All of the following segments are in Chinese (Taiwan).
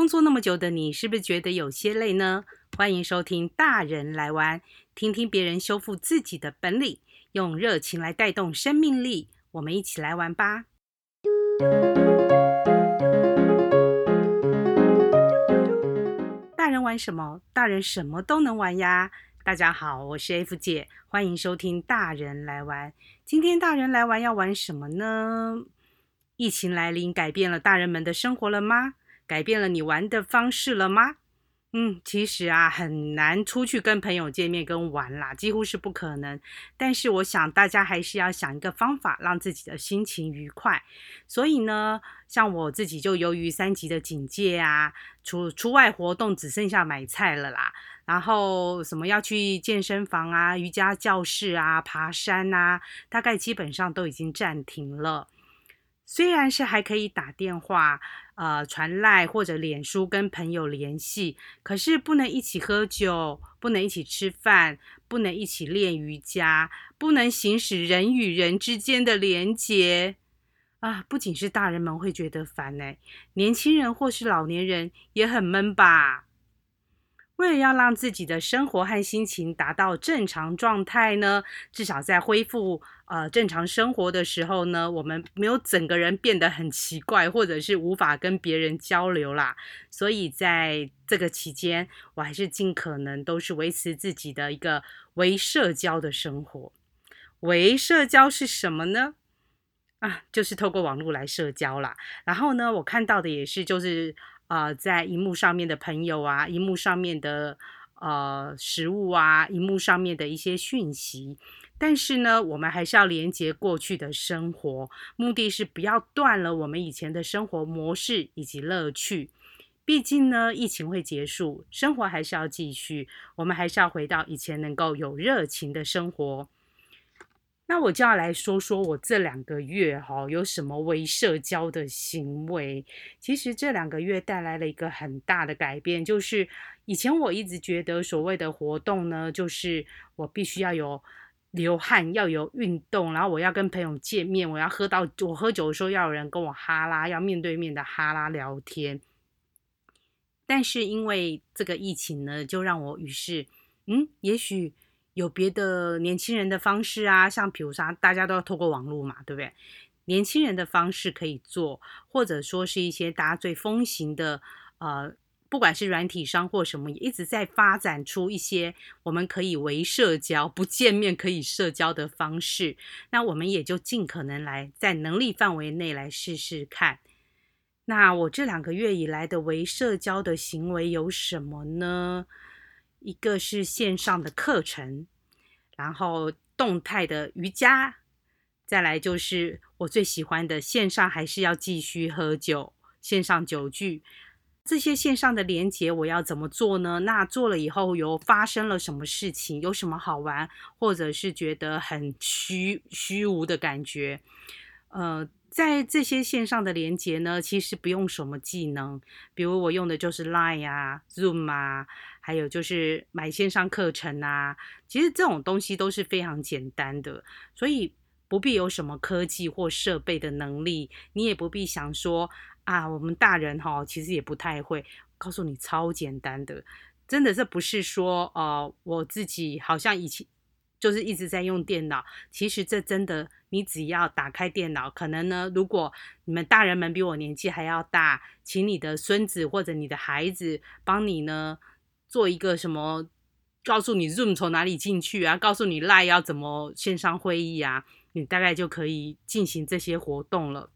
工作那麼久的你，是不是覺得有些累呢？歡迎收聽《大人來玩》，聽聽別人修復自己的本領，用熱情來帶動生命力。我們一起來玩吧！大人玩什麼？大人什麼都能玩呀！大家好，我是 F 姐，歡迎收聽《大人來玩》。今天大人來玩要玩什麼呢？疫情來臨，改變了大人們的生活了嗎？改變了你玩的方式了嗎？嗯，其實啊，很難出去跟朋友見面跟玩啦，幾乎是不可能。但是我想大家還是要想一個方法，讓自己的心情愉快。所以呢，像我自己就由於三級的警戒啊，出出外活動只剩下買菜了啦。然後什麼要去健身房啊、瑜伽教室啊、爬山啊，大概基本上都已經暫停了。雖然是還可以打電話。呃，傳賴或者臉書跟朋友聯繫，可是不能一起喝酒，不能一起吃飯，不能一起練瑜伽，不能行使人與人之間的連結。啊，不僅是大人們會覺得煩哎、欸，年輕人或是老年人也很悶吧。為了要讓自己的生活和心情達到正常狀態呢，至少在恢復呃正常生活的時候呢，我們沒有整個人變得很奇怪，或者是無法跟別人交流啦。所以在這個期間，我還是盡可能都是維持自己的一個微社交的生活。微社交是什麼呢？啊，就是透過網絡來社交啦。然後呢，我看到的也是就是。啊、呃，在熒幕上面的朋友啊，熒幕上面的呃食物啊，熒幕上面的一些訊息，但是呢，我們還是要連接過去的生活，目的是不要斷了我們以前的生活模式以及樂趣。畢竟呢，疫情會結束，生活還是要繼續，我們還是要回到以前能夠有熱情的生活。那我就要來說說我這兩個月哈、哦、有什麼微社交的行為。其實這兩個月帶來了一個很大的改變，就是以前我一直覺得所謂的活動呢，就是我必須要有流汗，要有運動，然後我要跟朋友見面，我要喝到我喝酒的時候要有人跟我哈拉，要面對面的哈拉聊天。但是因為這個疫情呢，就讓我於是，嗯，也許。有別的年輕人的方式啊，像比如說大家都要透過網絡嘛，對不對？年輕人的方式可以做，或者說是一些大家最風行的，呃，不管是軟體商或什麼，也一直在發展出一些我們可以微社交、不見面可以社交的方式。那我們也就盡可能來在能力範圍內來試試看。那我這兩個月以來的微社交的行為有什麼呢？一個是線上的課程，然後動態的瑜伽，再來就是我最喜歡的線上，還是要繼續喝酒，線上酒聚這些線上的連接，我要怎麼做呢？那做了以後有發生了什麼事情？有什麼好玩，或者是覺得很虛虛無的感覺？呃，在這些線上的連接呢，其實不用什麼技能，比如我用的就是 Line 啊、Zoom 啊。還有就是買線上課程啊，其實這種東西都是非常簡單的，所以不必有什麼科技或設備的能力，你也不必想說啊，我們大人哈、哦，其實也不太會。告訴你超簡單的，真的這不是說哦、呃，我自己好像以前就是一直在用電腦，其實這真的，你只要打開電腦，可能呢，如果你們大人們比我年紀還要大，請你的孫子或者你的孩子幫你呢。做一個什麼？告訴你 Zoom 從哪裡進去啊？告訴你 Line 要怎麼線上會議啊？你大概就可以進行這些活動了。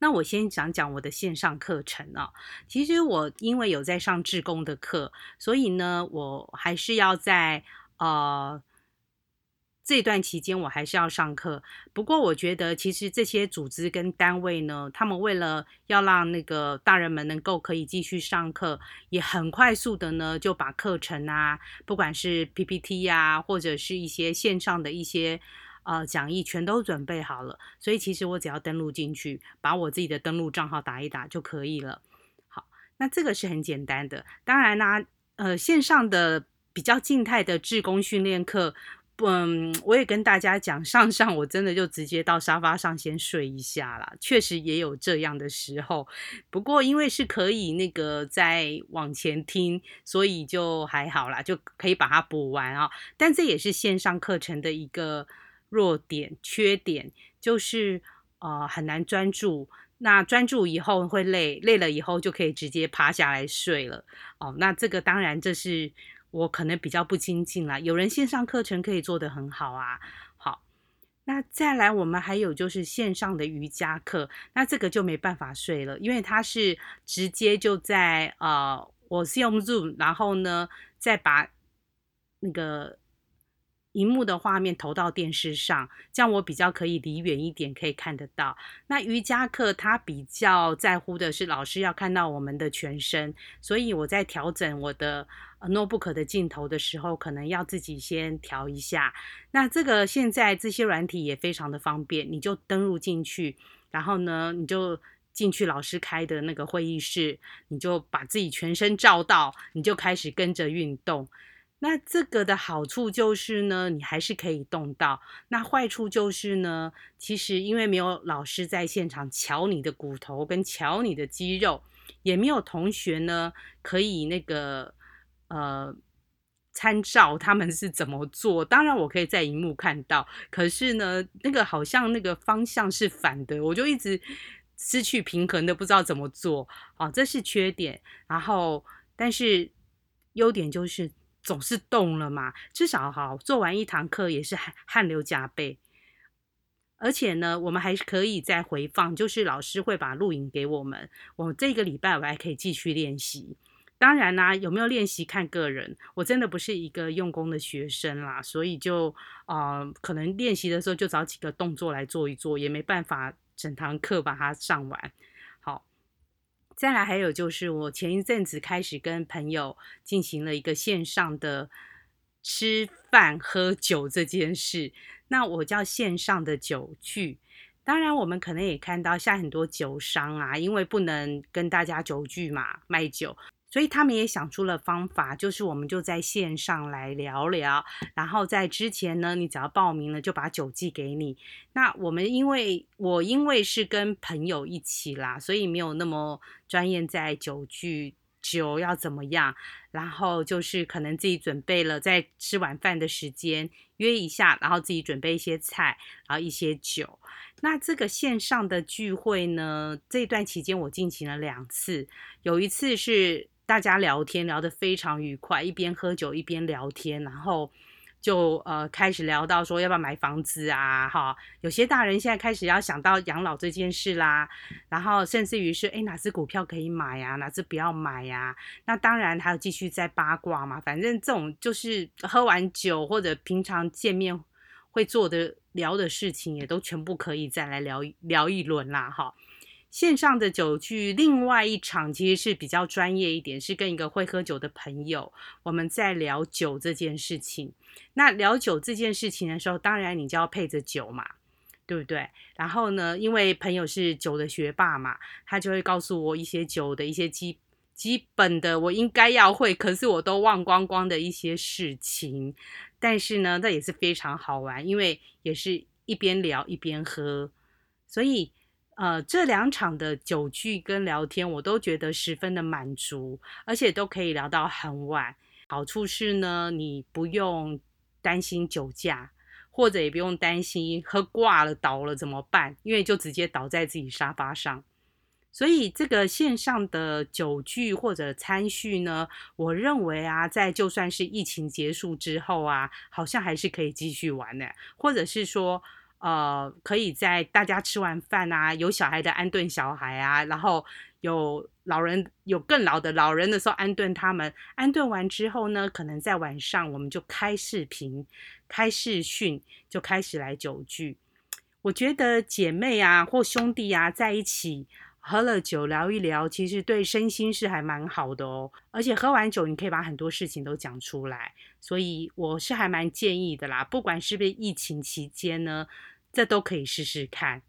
那我先講講我的線上課程啊。其實我因為有在上志工的課，所以呢，我還是要在，呃，這段期間我還是要上課，不過我覺得其實這些組織跟單位呢，他們為了要讓那個大人們能夠可以繼續上課，也很快速的呢就把課程啊，不管是 PPT 呀、啊、或者是一些線上的一些呃講義全都準備好了，所以其實我只要登錄進去，把我自己的登錄賬號打一打就可以了。好，那這個是很簡單的。當然呢、啊，呃，線上的比較靜態的志工訓練課。嗯，我也跟大家講，上上我真的就直接到沙發上先睡一下啦。確實也有這樣的時候。不過因為是可以那個再往前聽，所以就還好啦，就可以把它補完啊、哦。但這也是線上課程的一個弱點、缺點，就是呃很難專注。那專注以後會累，累了以後就可以直接趴下來睡了。哦，那這個當然這是。我可能比較不精進啦，有人線上課程可以做得很好啊。好，那再來我們還有就是線上的瑜伽課，那這個就沒辦法睡了，因為它是直接就在呃，我是用 Zoom，然後呢再把那個。螢幕的畫面投到電視上，這樣我比較可以離遠一點可以看得到。那瑜伽課他比較在乎的是老師要看到我們的全身，所以我在調整我的 notebook 的鏡頭的時候，可能要自己先調一下。那這個現在這些軟體也非常的方便，你就登入進去，然後呢你就進去老師開的那個會議室，你就把自己全身照到，你就開始跟着運動。那這個的好處就是呢，你還是可以動到；那壞處就是呢，其實因為沒有老師在現場瞧你的骨頭跟瞧你的肌肉，也沒有同學呢可以那個呃參照他們是怎麼做。當然，我可以在熒幕看到，可是呢，那個好像那個方向是反的，我就一直失去平衡的，不知道怎麼做啊，哦，這是缺點。然後，但是優點就是。總是動了嘛，至少好做完一堂課也是汗汗流浹背。而且呢，我們還可以再回放，就是老師會把錄影給我們，我這個禮拜我還可以繼續練習。當然啦、啊，有沒有練習看個人，我真的不是一個用功的學生啦，所以就啊、呃，可能練習的時候就找幾個動作來做一做，也沒辦法整堂課把它上完。再來，還有就是我前一陣子開始跟朋友進行了一個線上的吃飯喝酒這件事，那我叫線上的酒聚，當然，我們可能也看到現在很多酒商啊，因為不能跟大家酒聚嘛，賣酒。所以他們也想出了方法，就是我們就在線上來聊聊。然後在之前呢，你只要報名了，就把酒寄給你。那我們因為我因為是跟朋友一起啦，所以沒有那麼專業在酒聚，酒要怎麼樣。然後就是可能自己準備了，在吃晚飯的時間約一下，然後自己準備一些菜，然後一些酒。那這個線上的聚會呢，這段期間我進行了兩次，有一次是。大家聊天聊得非常愉快，一邊喝酒一邊聊天，然後就呃開始聊到說要不要買房子啊，哈，有些大人現在開始要想到養老這件事啦，然後甚至於是誒哪隻股票可以買呀，哪隻不要買呀，那當然還有繼續再八卦嘛，反正這種就是喝完酒或者平常見面會做的聊的事情，也都全部可以再來聊聊一輪啦，哈。線上的酒聚，另外一場其實是比較專業一點，是跟一個會喝酒的朋友，我們在聊酒這件事情。那聊酒這件事情的時候，當然你就要配着酒嘛，對不對？然後呢，因為朋友是酒的學霸嘛，他就會告訴我一些酒的一些基基本的，我應該要會，可是我都忘光光的一些事情。但是呢，那也是非常好玩，因為也是一邊聊一邊喝，所以。呃，這兩場的酒聚跟聊天，我都覺得十分的滿足，而且都可以聊到很晚。好處是呢，你不用擔心酒駕，或者也不用擔心喝掛了倒了怎麼辦，因為就直接倒在自己沙發上。所以這個線上的酒聚或者餐敘呢，我認為啊，在就算是疫情結束之後啊，好像還是可以繼續玩的，或者是說。呃，可以在大家吃完飯啊，有小孩的安頓小孩啊，然後有老人，有更老的老人的時候安頓他們。安頓完之後呢，可能在晚上我們就開視頻、開視訊，就開始來酒聚。我覺得姐妹啊或兄弟啊在一起。喝了酒聊一聊，其實對身心是還蠻好的哦。而且喝完酒，你可以把很多事情都講出來，所以我是還蠻建議的啦。不管是不是疫情期間呢，這都可以試試看。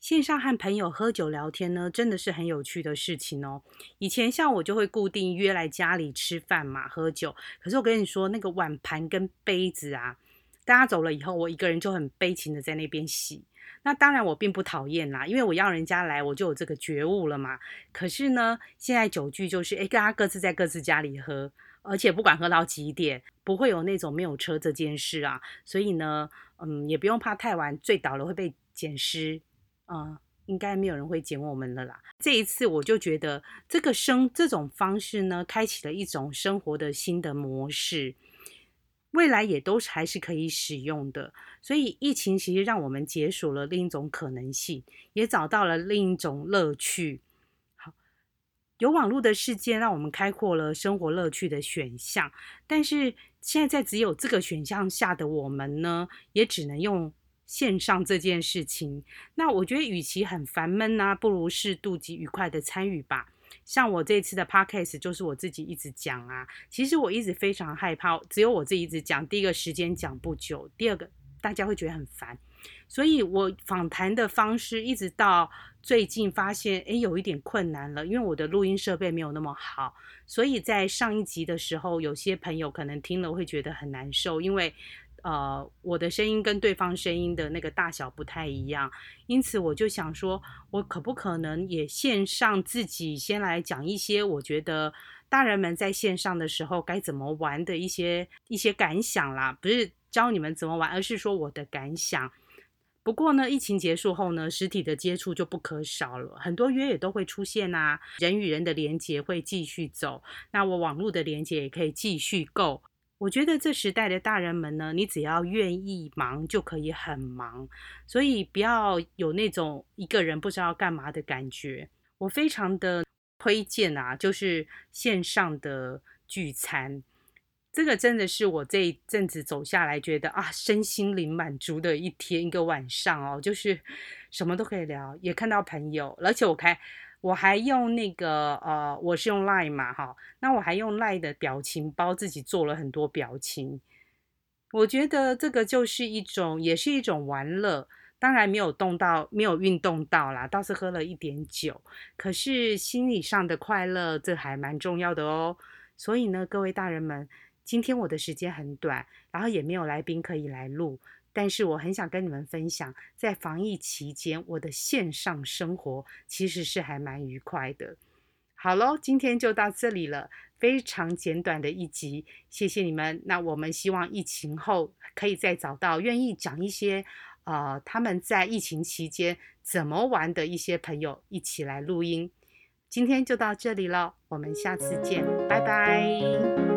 線上和朋友喝酒聊天呢，真的是很有趣的事情哦。以前像我就會固定約來家裡吃飯嘛，喝酒。可是我跟你說，那個碗盤跟杯子啊，大家走了以後，我一個人就很悲情的在那邊洗。那當然我並不討厭啦，因為我要人家來我就有這個覺悟了嘛。可是呢，現在酒聚就是，哎，大家各自在各自家裡喝，而且不管喝到幾點，不會有那種沒有車這件事啊。所以呢，嗯，也不用怕太晚醉倒了會被撿屍，嗯，應該沒有人會撿我們了啦。這一次我就覺得這個生這種方式呢，開啟了一種生活的新的模式。未來也都還是可以使用的，所以疫情其實讓我們解鎖了另一種可能性，也找到了另一種樂趣。好，有網絡的世界讓我們開闊了生活樂趣的選項，但是現在在只有這個選項下的我們呢，也只能用線上這件事情。那我覺得，與其很煩悶啊，不如適度及愉快的參與吧。像我這次的 podcast 就是我自己一直講啊，其實我一直非常害怕，只有我自己一直講。第一個時間講不久，第二個大家會覺得很煩，所以我訪談的方式一直到最近發現，誒，有一點困難了，因為我的錄音設備沒有那麼好，所以在上一集的時候，有些朋友可能聽了會覺得很難受，因為。呃，我的聲音跟對方聲音的那個大小不太一樣，因此我就想說，我可不可能也線上自己先來講一些，我覺得大人們在線上的時候該怎麼玩的一些一些感想啦，不是教你們怎麼玩，而是說我的感想。不過呢，疫情結束後呢，實體的接觸就不可少了，很多約也都會出現啊，人與人的連結會繼續走，那我網絡的連接也可以繼續夠。我覺得這時代的大人們呢，你只要願意忙就可以很忙，所以不要有那種一個人不知道幹嘛的感覺。我非常的推薦啊，就是線上的聚餐，這個真的是我這一陣子走下來覺得啊，身心靈滿足的一天一個晚上哦，就是什麼都可以聊，也看到朋友，而且我開我還用那個呃，我是用 Line 嘛，哈，那我還用 Line 的表情包自己做了很多表情，我覺得這個就是一種，也是一種玩樂。當然沒有動到，沒有運動到啦，倒是喝了一點酒，可是心理上的快樂，這還蠻重要的哦。所以呢，各位大人們，今天我的時間很短，然後也沒有來賓可以來錄。但是我很想跟你們分享，在防疫期間我的線上生活其實是還蠻愉快的。好嘍，今天就到這裡了，非常簡短的一集，謝謝你們。那我們希望疫情後可以再找到願意講一些，呃，他們在疫情期間怎麼玩的一些朋友一起來錄音。今天就到這裡了，我們下次見，拜拜。